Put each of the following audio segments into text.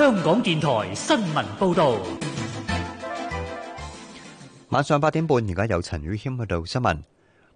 香港電台新聞報道，晚上八點半，而家有陳宇謙報道新聞。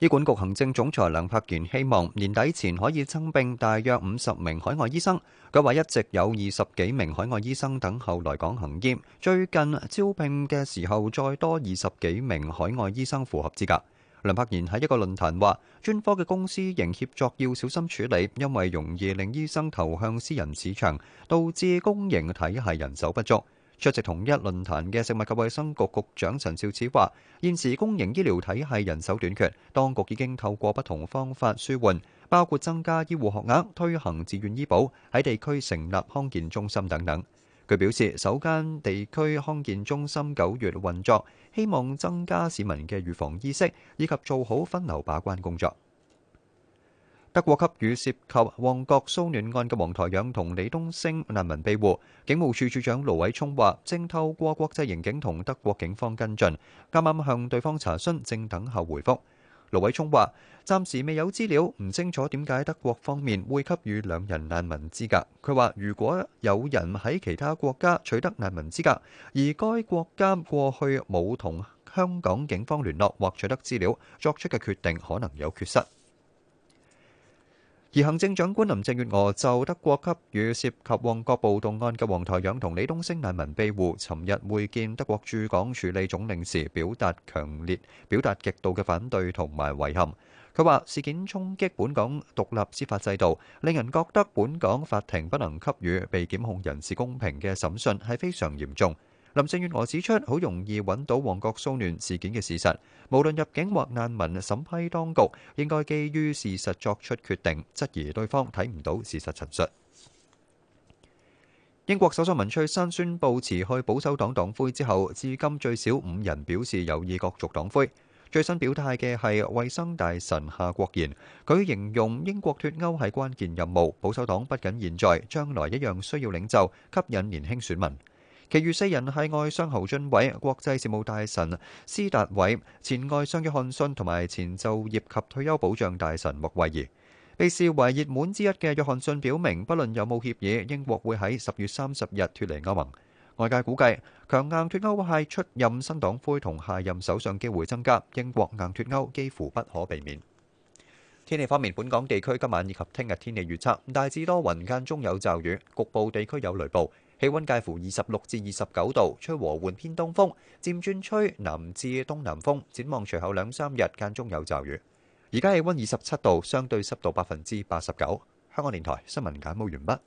醫管局行政總裁梁栢賢，希望年底前可以增聘大約五十名海外醫生。佢話一直有二十幾名海外醫生等候來港行醫，最近招聘嘅時候再多二十幾名海外醫生符合資格。梁柏賢喺一個論壇話：專科嘅公私營協作要小心處理，因為容易令醫生投向私人市場，導致公營嘅體系人手不足。出席同一論壇嘅食物及衛生局局長陳肇始話：現時公營醫療體系人手短缺，當局已經透過不同方法舒緩，包括增加醫護學額、推行自願醫保、喺地區成立康健中心等等。佢表示，首間地區康健中心九月運作，希望增加市民嘅預防意識，以及做好分流把關工作。德國給予涉及旺角騷亂案嘅黃台仰同李東升難民庇護。警務處處長盧偉聰話，正透過國際刑警同德國警方跟進，啱啱向對方查詢，正等候回覆。盧偉聰話：暫時未有資料，唔清楚點解德國方面會給予兩人難民資格。佢話：如果有人喺其他國家取得難民資格，而該國家過去冇同香港警方聯絡或取得資料，作出嘅決定可能有缺失。而行政長官林鄭月娥就德國給予涉及旺角暴動案嘅黃台仰同李東升難民庇護，尋日會見德國駐港署理總領事，表達強烈表達極度嘅反對同埋遺憾。佢話事件衝擊本港獨立司法制度，令人覺得本港法庭不能給予被檢控人士公平嘅審訊，係非常嚴重。林鄭月娥指出，好容易揾到旺角騷亂事件嘅事實，無論入境或難民審批，當局應該基於事實作出決定。質疑對方睇唔到事實陳述。英國首相文翠珊宣布辭去保守黨黨魁之後，至今最少五人表示有意角逐黨魁。最新表態嘅係衛生大臣夏國賢，佢形容英國脫歐係關鍵任務，保守黨不僅現在，將來一樣需要領袖吸引年輕選民。其餘四人係外相侯俊偉、國際事務大臣施達偉、前外相約翰遜同埋前就業及退休保障大臣莫維兒。被視為熱門之一嘅約翰遜表明，不論有冇協議，英國會喺十月三十日脫離歐盟。外界估計，強硬脫歐派出任新黨魁同下任首相機會增加。英國硬脫歐幾乎不可避免。天氣方面，本港地區今晚以及聽日天氣預測大致多雲間中有驟雨，局部地區有雷暴。氣溫介乎二十六至二十九度，吹和緩偏東風，漸轉吹南至東南風。展望隨後兩三日，間中有驟雨。而家氣溫二十七度，相對濕度百分之八十九。香港電台新聞簡報完畢。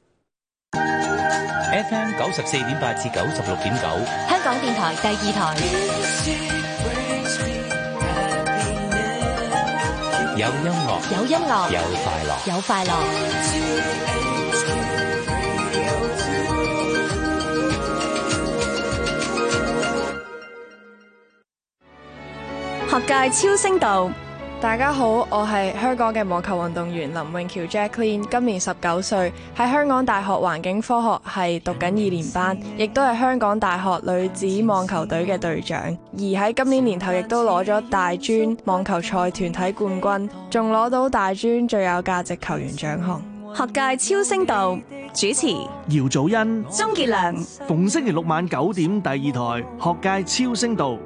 FM 九十四點八至九十六點九，香港電台第二台。有音樂，有音樂，有快樂，有快樂。學界超聲道，大家好，我係香港嘅網球運動員林永橋 Jacklin，今年十九歲，喺香港大學環境科學系讀緊二年班，亦都係香港大學女子網球隊嘅隊長，而喺今年年頭亦都攞咗大專網球賽團體冠軍，仲攞到大專最有價值球員獎項。學界超聲道主持：姚祖恩、鍾杰良，逢星期六晚九點第二台學界超聲道。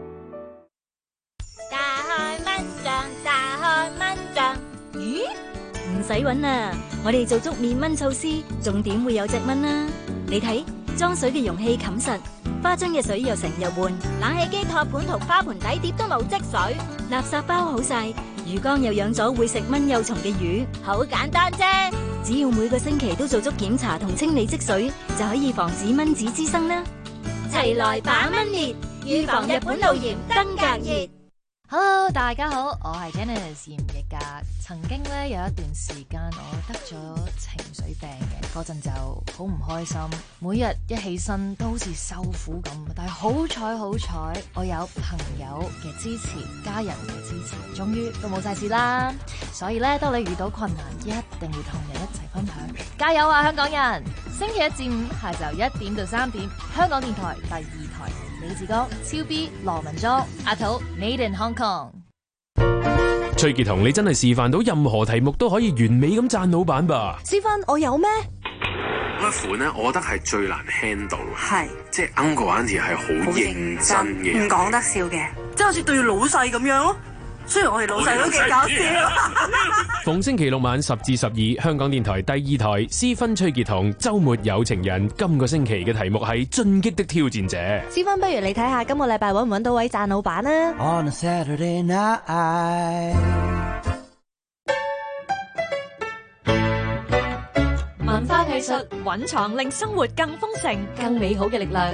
洗穩啦！我哋做足滅蚊措施，仲點會有隻蚊啦。你睇，裝水嘅容器冚實，花樽嘅水又成日換，冷氣機托盤同花盆底碟都冇積水，垃圾包好晒，魚缸又養咗會食蚊幼蟲嘅魚。好簡單啫，只要每個星期都做足檢查同清理積水，就可以防止蚊子滋生啦。齊來把蚊滅，預防日本腦炎、登革熱。Hello，大家好，我係 Janice 嚴奕格。曾經咧有一段時間我得咗情緒病嘅，嗰陣就好唔開心，每日一起身都好似受苦咁。但係好彩好彩，我有朋友嘅支持，家人嘅支持，終於都冇晒事啦。所以咧，當你遇到困難，一定要同你一齊分享，加油啊，香港人！星期一至五下晝一點到三點，香港電台第二。李志剛、超 B、羅文莊、阿土、Made in Hong Kong、崔杰同你真係示範到任何題目都可以完美咁讚老闆吧？師傅，我有咩？乜款咧？我覺得係最難 handle，係是即係啱 Uncle 係好認真嘅，唔講得笑嘅，即係好似對老細咁樣咯。雖然我哋老細都幾搞笑。逢星期六晚十至十二，香港電台第二台私芬崔杰彤周末有情人。今個星期嘅題目係進擊的挑戰者。私芬，不如你睇下今個禮拜搵唔搵到位讚老闆呢。On a Saturday night，文化藝術蘊藏令生活更豐盛、更美好嘅力量。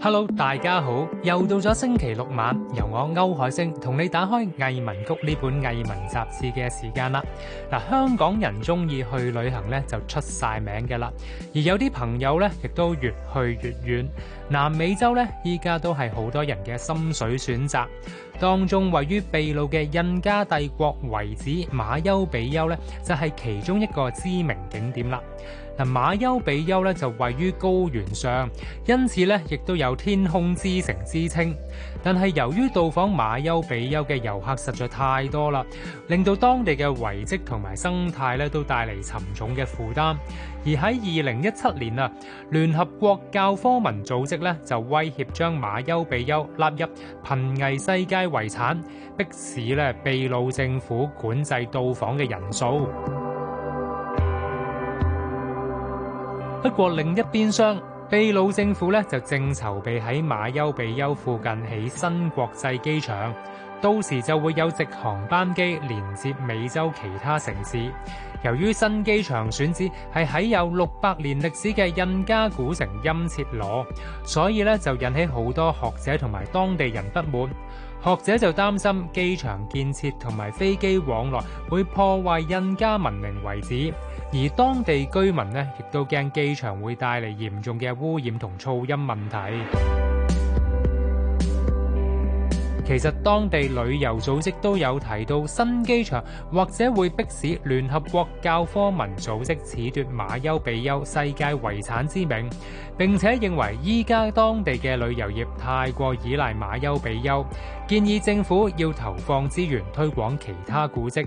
hello，大家好，又到咗星期六晚，由我區凱聲同你打開《藝文谷》呢本藝文雜誌嘅時間啦。嗱，香港人中意去旅行咧，就出晒名嘅啦。而有啲朋友咧，亦都越去越遠。南美洲咧，依家都係好多人嘅心水選擇。當中位於秘魯嘅印加帝國遺址馬丘比丘咧，就係其中一個知名景點啦。嗱，馬丘比丘咧就位於高原上，因此咧亦都有天空之城之稱。但係由於到訪馬丘比丘嘅遊客實在太多啦，令到當地嘅遺跡同埋生態咧都帶嚟沉重嘅負擔。而喺二零一七年啊，聯合國教科文組織咧就威脅將馬丘比丘納入瀕危世界遺產，迫使咧秘魯政府管制到訪嘅人數。不過另一邊廂，秘魯政府咧就正籌備喺馬丘比丘附近起新國際機場，到時就會有直航班機連接美洲其他城市。由於新機場選址係喺有六百年歷史嘅印加古城欽切羅，所以咧就引起好多學者同埋當地人不滿。學者就擔心機場建設同埋飛機往來會破壞印加文明遺址。而當地居民呢，亦都驚機場會帶嚟嚴重嘅污染同噪音問題。其實，當地旅遊組織都有提到，新機場或者會迫使聯合國教科文組織褫奪馬丘比丘世界遺產之名。並且認為依家當地嘅旅遊業太過依賴馬丘比丘，建議政府要投放資源推廣其他古蹟。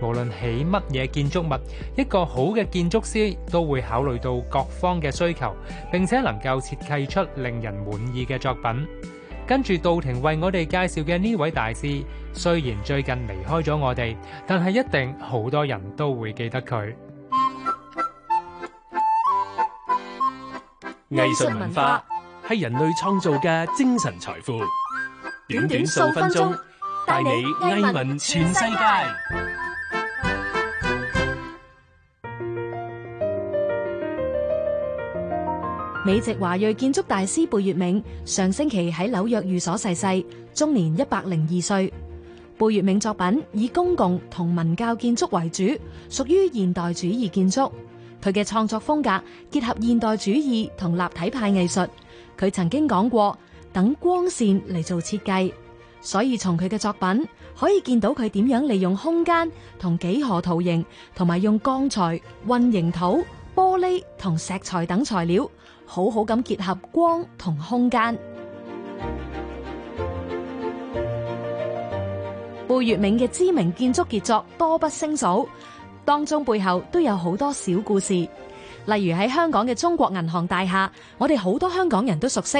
無論起乜嘢建築物，一個好嘅建築師都會考慮到各方嘅需求，並且能夠設計出令人滿意嘅作品。跟住到庭為我哋介紹嘅呢位大師，雖然最近離開咗我哋，但係一定好多人都會記得佢。藝術文化係人類創造嘅精神財富。短短數分鐘，帶你藝文全世界。美籍華裔建築大師貝聿銘上星期喺紐約寓所逝世，終年一百零二歲。貝聿銘作品以公共同文教建築為主，屬於現代主義建築。佢嘅創作風格結合現代主義同立體派藝術。佢曾經講過，等光線嚟做設計，所以從佢嘅作品可以見到佢點樣利用空間同幾何圖形，同埋用鋼材、混凝土、玻璃同石材等材料。好好咁結合光同空間。貝聿銘嘅知名建築傑作多不勝數，當中背後都有好多小故事。例如喺香港嘅中國銀行大廈，我哋好多香港人都熟悉。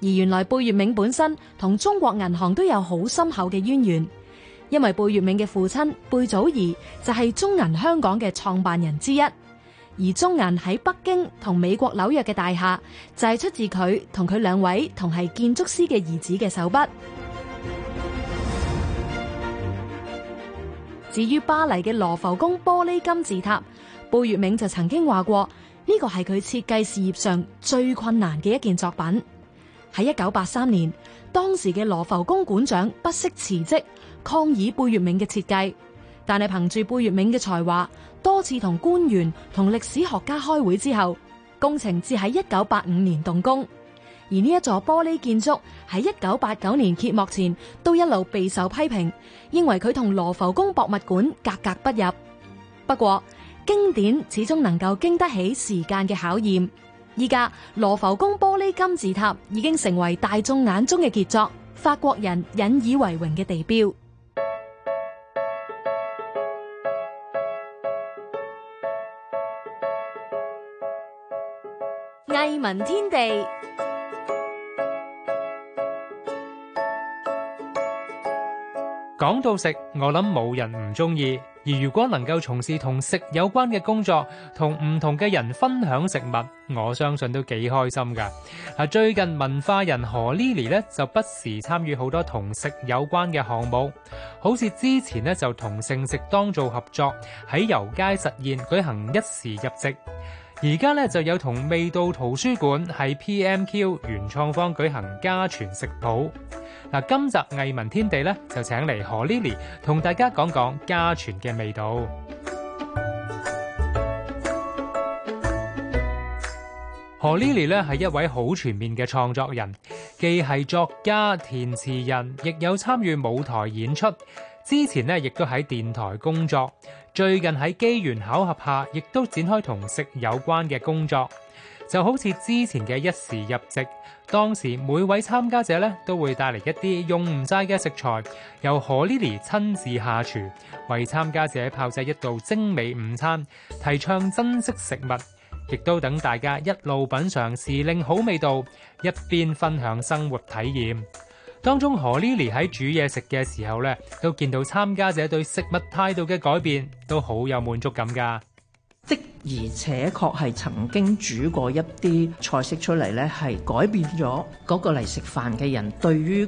而原來貝聿銘本身同中國銀行都有好深厚嘅淵源，因為貝聿銘嘅父親貝祖詒就係中銀香港嘅創辦人之一。而中銀喺北京同美國紐約嘅大廈就係、是、出自佢同佢兩位同係建築師嘅兒子嘅手筆。至於巴黎嘅羅浮宮玻璃金字塔，貝聿銘就曾經話過呢個係佢設計事業上最困難嘅一件作品。喺一九八三年，當時嘅羅浮宮館長不惜辭職抗議貝聿銘嘅設計，但係憑住貝聿銘嘅才華。多次同官員同歷史學家開會之後，工程至喺一九八五年動工。而呢一座玻璃建築喺一九八九年揭幕前，都一路備受批評，因為佢同羅浮宮博物館格格不入。不過，經典始終能夠經得起時間嘅考驗。依家羅浮宮玻璃金字塔已經成為大眾眼中嘅傑作，法國人引以為榮嘅地標。藝文天地，講到食，我諗冇人唔中意。而如果能夠從事同食有關嘅工作，同唔同嘅人分享食物，我相信都幾開心噶。嗱，最近文化人何 Lili 咧就不時參與好多同食有關嘅項目，好似之前咧就同盛食當造合作喺油街實現舉行一時入席。而家咧就有同味道圖書館喺 PMQ 原創方舉行家傳食譜。嗱，今集藝文天地咧就請嚟何 Lili 同大家講講家傳嘅味道。何 Lili 咧係一位好全面嘅創作人，既係作家、填詞人，亦有參與舞台演出。之前咧亦都喺電台工作。最近喺機緣巧合下，亦都展開同食有關嘅工作，就好似之前嘅一時入席，當時每位參加者咧都會帶嚟一啲用唔晒嘅食材，由何 Lili 親自下廚，為參加者炮製一道精美午餐，提倡珍惜食物，亦都等大家一路品嚐時令好味道，一邊分享生活體驗。當中，何 Lili 喺煮嘢食嘅時候咧，都見到參加者對食物態度嘅改變，都好有滿足感㗎。而且確係曾經煮過一啲菜式出嚟咧，係改變咗個嚟食飯嘅人對於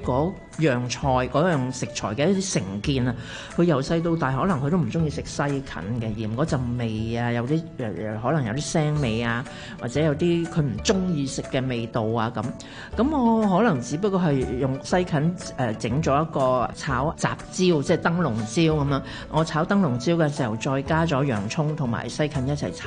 樣菜樣食材嘅一啲成見啊！佢由細到大可能佢都唔中意食西芹嘅，嫌陣味啊，有啲可能有啲腥味啊，或者有啲佢唔中意食嘅味道啊咁。咁我可能只不過係用西芹誒整咗一個炒雜椒，即係燈籠椒咁樣，我炒燈籠椒嘅時候，再加咗洋蔥同埋西芹一齊炒。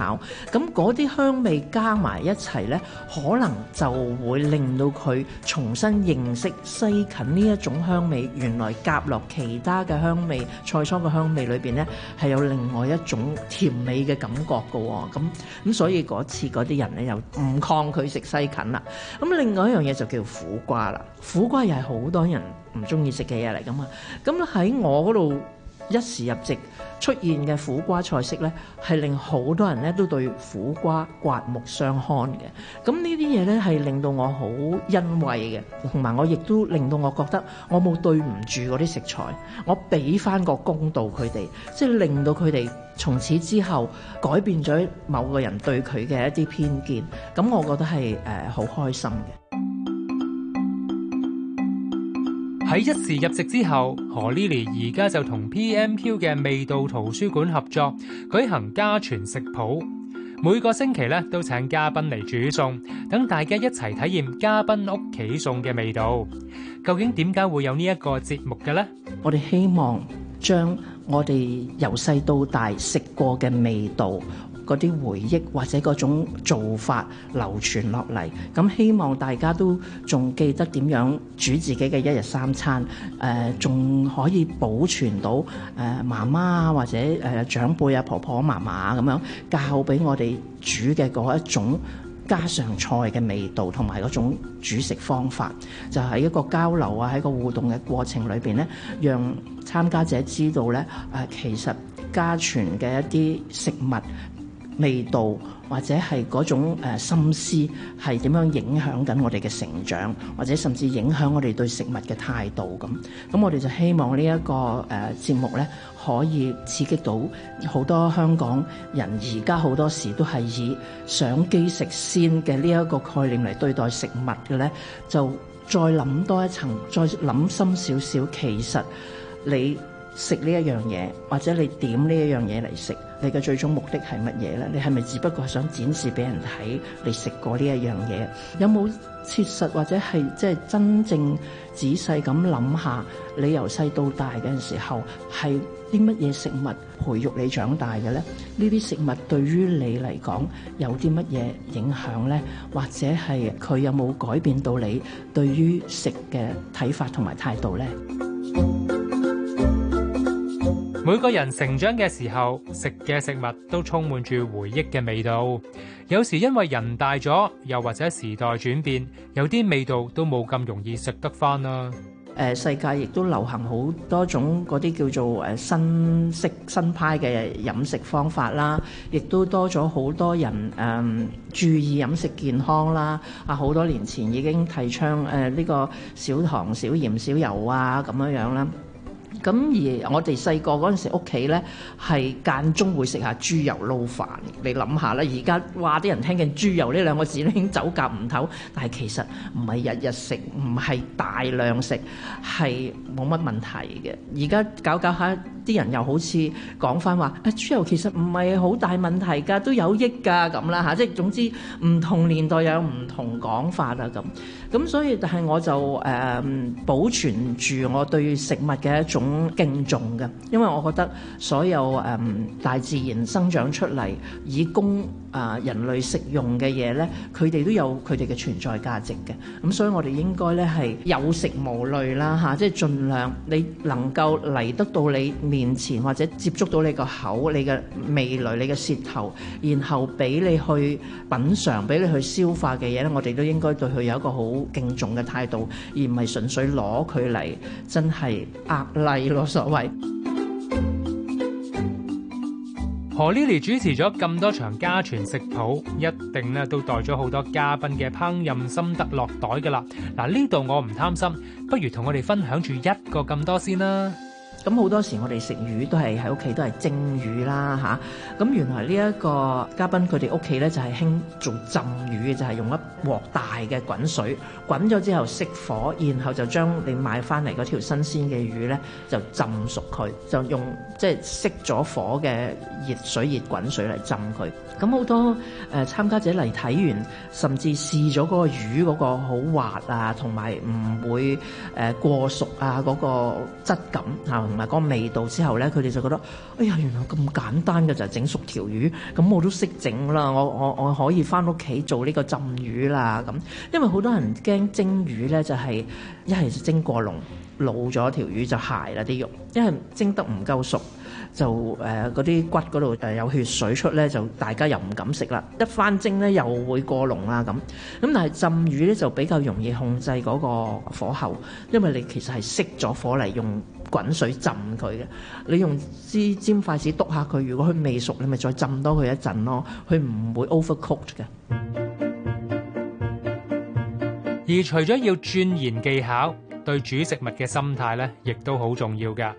咁嗰啲香味加埋一齊呢，可能就會令到佢重新認識西芹呢一種香味，原來夾落其他嘅香味菜蔬嘅香味裏邊呢，係有另外一種甜美嘅感覺噶喎。咁咁所以嗰次嗰啲人呢，又唔抗拒食西芹啦。咁另外一樣嘢就叫苦瓜啦，苦瓜又係好多人唔中意食嘅嘢嚟噶嘛。咁喺我嗰度，一時入席，出現嘅苦瓜菜式呢，係令好多人呢，都對苦瓜刮目相看嘅。咁呢啲嘢呢，係令到我好欣慰嘅。同埋我亦都令到我覺得我冇對唔住嗰啲食材。我俾返個公道佢哋，即係令到佢哋從此之後，改變咗某個人對佢嘅一啲偏見。咁我覺得係，呃，好開心嘅。喺一時入席之後，何 Lili 而家就同 PMQ 嘅味道圖書館合作舉行家傳食譜，每個星期咧都請嘉賓嚟煮餸，等大家一齊體驗嘉賓屋企餸嘅味道。究竟點解會有呢一個節目嘅呢？我哋希望將我哋由細到大食過嘅味道。嗰啲回憶或者嗰種做法流傳落嚟，咁希望大家都仲記得點樣煮自己嘅一日三餐。誒、呃，仲可以保存到誒媽媽或者誒、呃、長輩啊、婆婆、媽媽咁樣教俾我哋煮嘅嗰一種家常菜嘅味道，同埋嗰種煮食方法，就係、是、一個交流啊，喺個互動嘅過程裏邊呢讓參加者知道呢，誒、呃，其實家傳嘅一啲食物。味道或者係嗰種誒、呃、心思係點樣影響緊我哋嘅成長或者甚至影響我哋對食物嘅態度咁。咁我哋就希望呢、這、一個誒、呃、節目咧，可以刺激到好多香港人而家好多時都係以相機食先嘅呢一個概念嚟對待食物嘅咧，就再諗多一層再諗深少少，其實你食呢一樣嘢，或者你點呢一樣嘢嚟食。你嘅最終目的係乜嘢咧？你係咪只不過想展示俾人睇你食過呢一樣嘢？有冇切實或者係即係真正仔細咁諗下，你由細到大嘅時候係啲乜嘢食物培育你長大嘅咧？呢啲食物對於你嚟講有啲乜嘢影響咧？或者係佢有冇改變到你對於食嘅睇法同埋態度咧？每個人成長嘅時候，食嘅食物都充滿住回憶嘅味道，有時因為人大咗，又或者時代轉變，有啲味道都冇咁容易食得返啦。世界亦都流行好多種嗰啲叫做誒新式新派嘅飲食方法啦，亦都多咗好多人誒注意飲食健康啦。啊，好多年前已經提倡誒呢個少糖少鹽少油啊咁樣樣啦。咁而我哋細個陣時屋企咧，係間中會食下豬油撈飯，你諗下啦。而家話啲人聽緊豬油呢兩個字已經走夾唔唞，但係其實唔係日日食，唔係大量食，係冇乜問題嘅。而家搞搞下啲人又好似講翻話啊豬油其實唔係好大問題㗎，都有益㗎咁啦吓，即係總之唔同年代有唔同講法啦咁。咁所以但係我就誒、呃、保存住我對食物嘅一種。敬重嘅，因為我覺得所有誒、嗯、大自然生長出嚟以供。啊！人類食用嘅嘢咧，佢哋都有佢哋嘅存在價值嘅。咁所以我哋應該咧係有食無類啦，嚇、啊！即係儘量你能夠嚟得到你面前，或者接觸到你個口、你嘅味蕾、你嘅舌頭，然後俾你去品嚐、俾你去消化嘅嘢咧，我哋都應該對佢有一個好敬重嘅態度，而唔係純粹攞佢嚟真係壓例囉，所謂。何 Lili 主持咗咁多場家傳食譜，一定咧都帶咗好多嘉賓嘅烹飪心得落袋噶啦。嗱、啊，呢度我唔貪心，不如同我哋分享住一個咁多先啦。咁好、嗯、多時我哋食魚都係喺屋企都係蒸魚啦嚇，咁、啊嗯、原來呢一個嘉賓佢哋屋企咧就係興做浸魚嘅，就係、是、用一鑊大嘅滾水，滾咗之後熄火，然後就將你買翻嚟嗰條新鮮嘅魚咧就浸熟佢，就用即係熄咗火嘅熱水熱滾水嚟浸佢。咁好、嗯、多誒、呃、參加者嚟睇完，甚至試咗嗰個魚嗰個好滑啊，同埋唔會誒、呃、過熟啊嗰、嗰個質感嚇，同埋嗰個味道之後咧，佢哋就覺得，哎呀，原來咁簡單嘅就係整熟條魚，咁我都識整啦，我我我可以返屋企做呢個浸魚啦咁。因為好多人驚蒸魚咧，就係一係就蒸過龍老咗條魚就柴啦，啲肉，一係蒸得唔夠熟。就誒嗰啲骨嗰度誒有血水出咧，就大家又唔敢食啦。一翻蒸咧又會過濃啦咁。咁但係浸魚咧就比較容易控制嗰個火候，因為你其實係熄咗火嚟用滾水浸佢嘅。你用支尖筷子篤下佢，如果佢未熟，你咪再浸多佢一陣咯。佢唔會 overcooked 嘅。而除咗要鑽研技巧，對煮食物嘅心態咧，亦都好重要噶。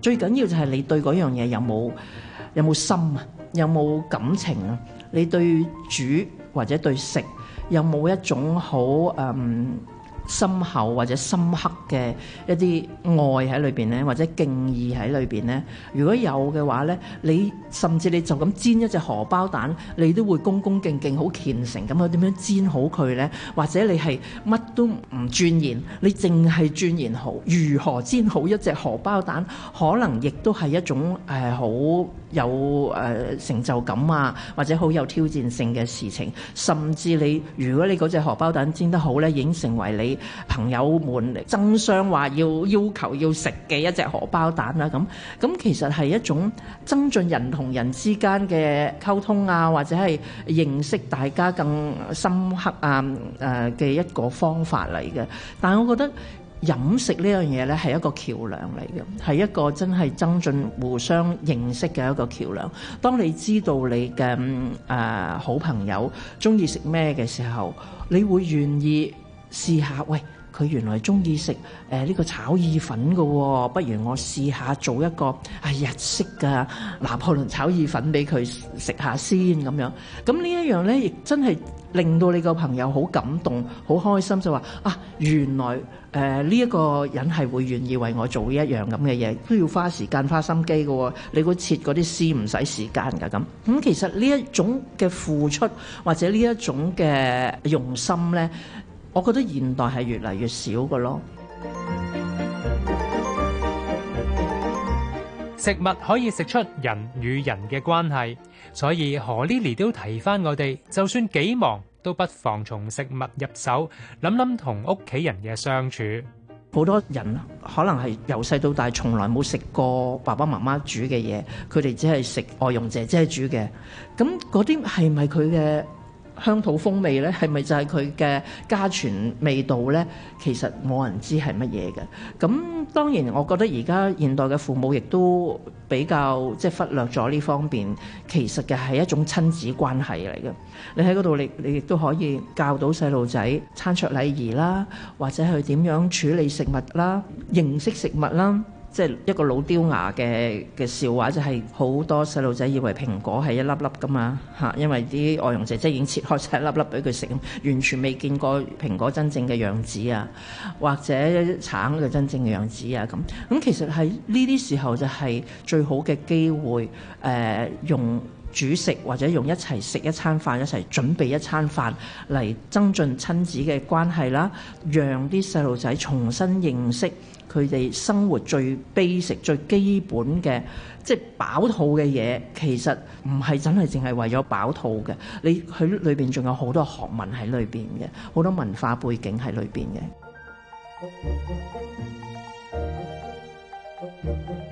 最緊要就係你對嗰樣嘢有冇有冇心啊，有冇感情啊？你對煮或者對食有冇一種好誒，嗯深厚或者深刻嘅一啲愛喺裏邊咧，或者敬意喺裏邊咧，如果有嘅話咧，你甚至你就咁煎一隻荷包蛋，你都會恭恭敬敬、好虔誠咁樣點樣煎好佢咧？或者你係乜都唔鑽研，你淨係鑽研好如何煎好一隻荷包蛋，可能亦都係一種誒好、呃、有誒、呃、成就感啊，或者好有挑戰性嘅事情。甚至你如果你嗰隻荷包蛋煎得好咧，已經成為你朋友們爭相話要要求要食嘅一隻荷包蛋啦，咁咁其實係一種增進人同人之間嘅溝通啊，或者係認識大家更深刻啊誒嘅、呃、一個方法嚟嘅。但係我覺得飲食呢樣嘢呢，係一個橋樑嚟嘅，係一個真係增進互相認識嘅一個橋樑。當你知道你嘅誒、呃、好朋友中意食咩嘅時候，你會願意。試下喂，佢原來中意食誒呢個炒意粉嘅、哦，不如我試下做一個係、哎、日式嘅拿破崙炒意粉俾佢食下先咁樣。咁呢、嗯、一樣呢，亦真係令到你個朋友好感動、好開心，就話啊，原來誒呢一個人係會願意為我做一樣咁嘅嘢，都要花時間花心機嘅、哦。你估切嗰啲絲唔使時間嘅咁咁，其實呢一種嘅付出或者呢一種嘅用心呢。我覺得現代係越嚟越少嘅咯。食物可以食出人與人嘅關係，所以何 Lili 都提返我哋，就算幾忙，都不妨從食物入手，諗諗同屋企人嘅相處。好多人可能係由細到大從來冇食過爸爸媽媽煮嘅嘢，佢哋只係食外傭姐姐煮嘅，咁嗰啲係咪佢嘅？鄉土風味呢，係咪就係佢嘅家傳味道呢？其實冇人知係乜嘢嘅。咁當然，我覺得而家現代嘅父母亦都比較即係、就是、忽略咗呢方面。其實嘅係一種親子關係嚟嘅。你喺嗰度，你你亦都可以教到細路仔餐桌禮儀啦，或者係點樣處理食物啦，認識食物啦。即係一個老雕牙嘅嘅笑話，就係、是、好多細路仔以為蘋果係一粒粒㗎嘛吓，因為啲外傭姐姐已經切開晒一粒粒俾佢食，完全未見過蘋果真正嘅樣子啊，或者橙嘅真正嘅樣子啊咁，咁其實喺呢啲時候就係最好嘅機會誒、呃、用。煮食或者用一齊食一餐飯，一齊準備一餐飯嚟增進親子嘅關係啦，讓啲細路仔重新認識佢哋生活最 basic 最基本嘅，即係飽肚嘅嘢，其實唔係真係淨係為咗飽肚嘅，你佢裏邊仲有好多學問喺裏邊嘅，好多文化背景喺裏邊嘅。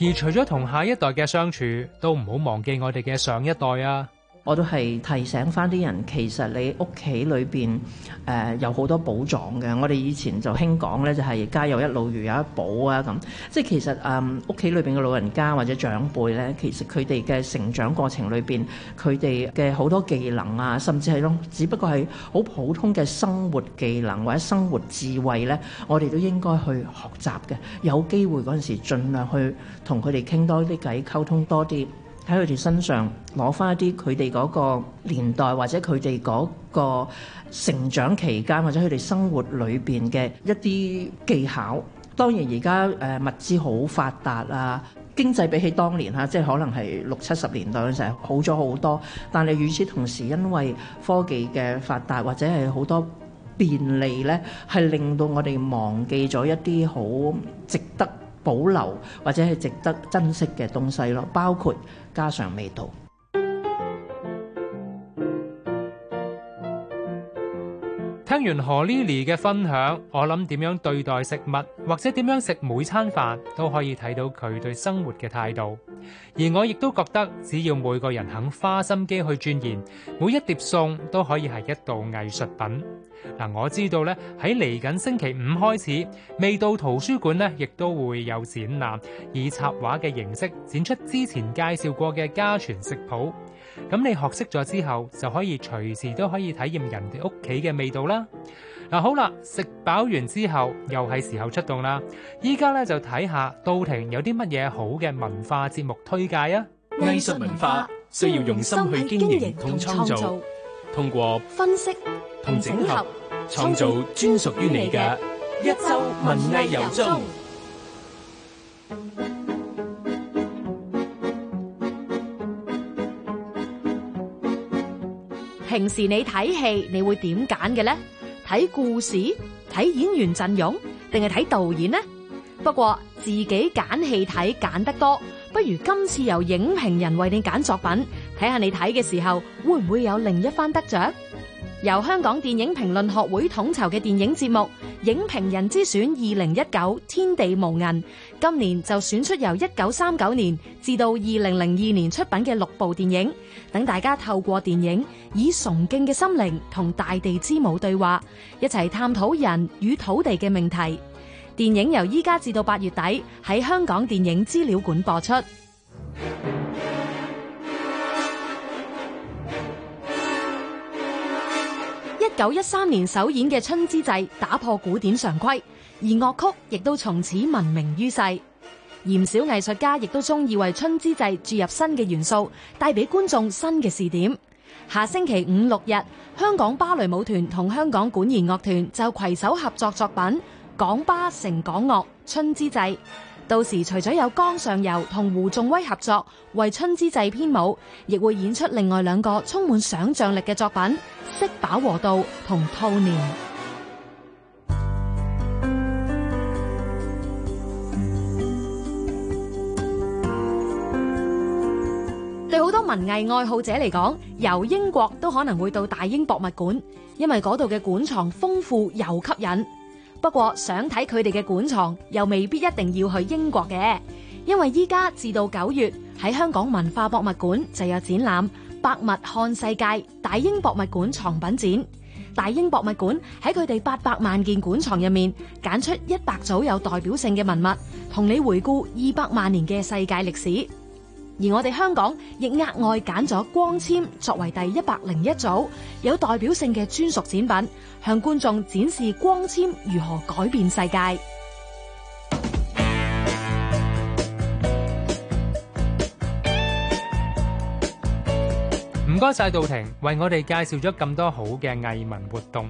而除咗同下一代嘅相處，都唔好忘記我哋嘅上一代啊！我都係提醒翻啲人，其實你屋企裏邊誒有好多寶藏嘅。我哋以前就興講咧，就係、是、家有一老，如有一寶啊咁。即係其實誒屋企裏邊嘅老人家或者長輩咧，其實佢哋嘅成長過程裏邊，佢哋嘅好多技能啊，甚至係咯，只不過係好普通嘅生活技能或者生活智慧咧，我哋都應該去學習嘅。有機會嗰陣時，盡量去同佢哋傾多啲偈，溝通多啲。喺佢哋身上攞翻一啲佢哋嗰個年代或者佢哋嗰個成長期間或者佢哋生活裏邊嘅一啲技巧。當然而家誒物資好發達啊，經濟比起當年吓，啊，即係可能係六七十年代嗰陣時好咗好多。但係與此同時，因為科技嘅發達或者係好多便利咧，係令到我哋忘記咗一啲好值得。保留或者係值得珍惜嘅東西囉，包括家常味道。聽完何 Lili 嘅分享，我諗點樣對待食物，或者點樣食每餐飯，都可以睇到佢對生活嘅態度。而我亦都覺得，只要每個人肯花心機去鑽研，每一碟餸都可以係一道藝術品。嗱、啊，我知道咧喺嚟緊星期五開始，味道圖書館咧亦都會有展覽，以插畫嘅形式展出之前介紹過嘅家傳食譜。咁你學識咗之後，就可以隨時都可以體驗人哋屋企嘅味道啦。嗱，好啦，食飽完之後，又係時候出動啦。依家咧就睇下到庭有啲乜嘢好嘅文化節目推介啊。藝術文化需要用心去經營同創造，通過分析同整合，創造專屬於你嘅一周文藝遊蹤。平時你睇戲你會點揀嘅呢？睇故事、睇演員陣容，定係睇導演呢？不過自己揀戲睇揀得多，不如今次由影評人為你揀作品，睇下你睇嘅時候會唔會有另一番得着？由香港電影評論學會統籌嘅電影節目《影評人之選二零一九天地無銀》，今年就選出由一九三九年至到二零零二年出品嘅六部電影，等大家透過電影以崇敬嘅心靈同大地之母對話，一齊探討人與土地嘅命題。電影由依家至到八月底喺香港電影資料館播出。九一三年首演嘅《春之祭》打破古典常規，而樂曲亦都從此聞名於世。嚴少藝術家亦都中意為《春之祭》注入新嘅元素，帶俾觀眾新嘅視點。下星期五六日，香港芭蕾舞團同香港管弦樂團就携手合作作品《港芭成港樂春之祭》。到時除咗有江上游同胡仲威合作為春之祭編舞，亦會演出另外兩個充滿想象力嘅作品《色飽和度》同《兔年》。 對好多文藝愛好者嚟講，由英國都可能會到大英博物館，因為嗰度嘅館藏豐富又吸引。不過想睇佢哋嘅館藏，又未必一定要去英國嘅，因為依家至到九月喺香港文化博物館就有展覽《百物看世界：大英博物館藏品展》。大英博物館喺佢哋八百萬件館藏入面揀出一百組有代表性嘅文物，同你回顧二百萬年嘅世界歷史。而我哋香港亦額外揀咗光纖作為第一百零一組有代表性嘅專屬展品，向觀眾展示光纖如何改變世界。唔該晒杜婷，為我哋介紹咗咁多好嘅藝文活動。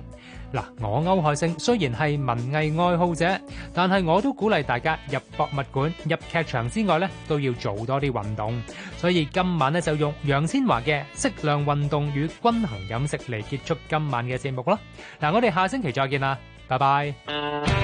嗱，我區凱聲雖然係文藝愛好者，但係我都鼓勵大家入博物館、入劇場之外咧，都要做多啲運動。所以今晚咧就用楊千嬅嘅《適量運動與均衡飲食》嚟結束今晚嘅節目咯。嗱，我哋下星期再見啦，拜拜。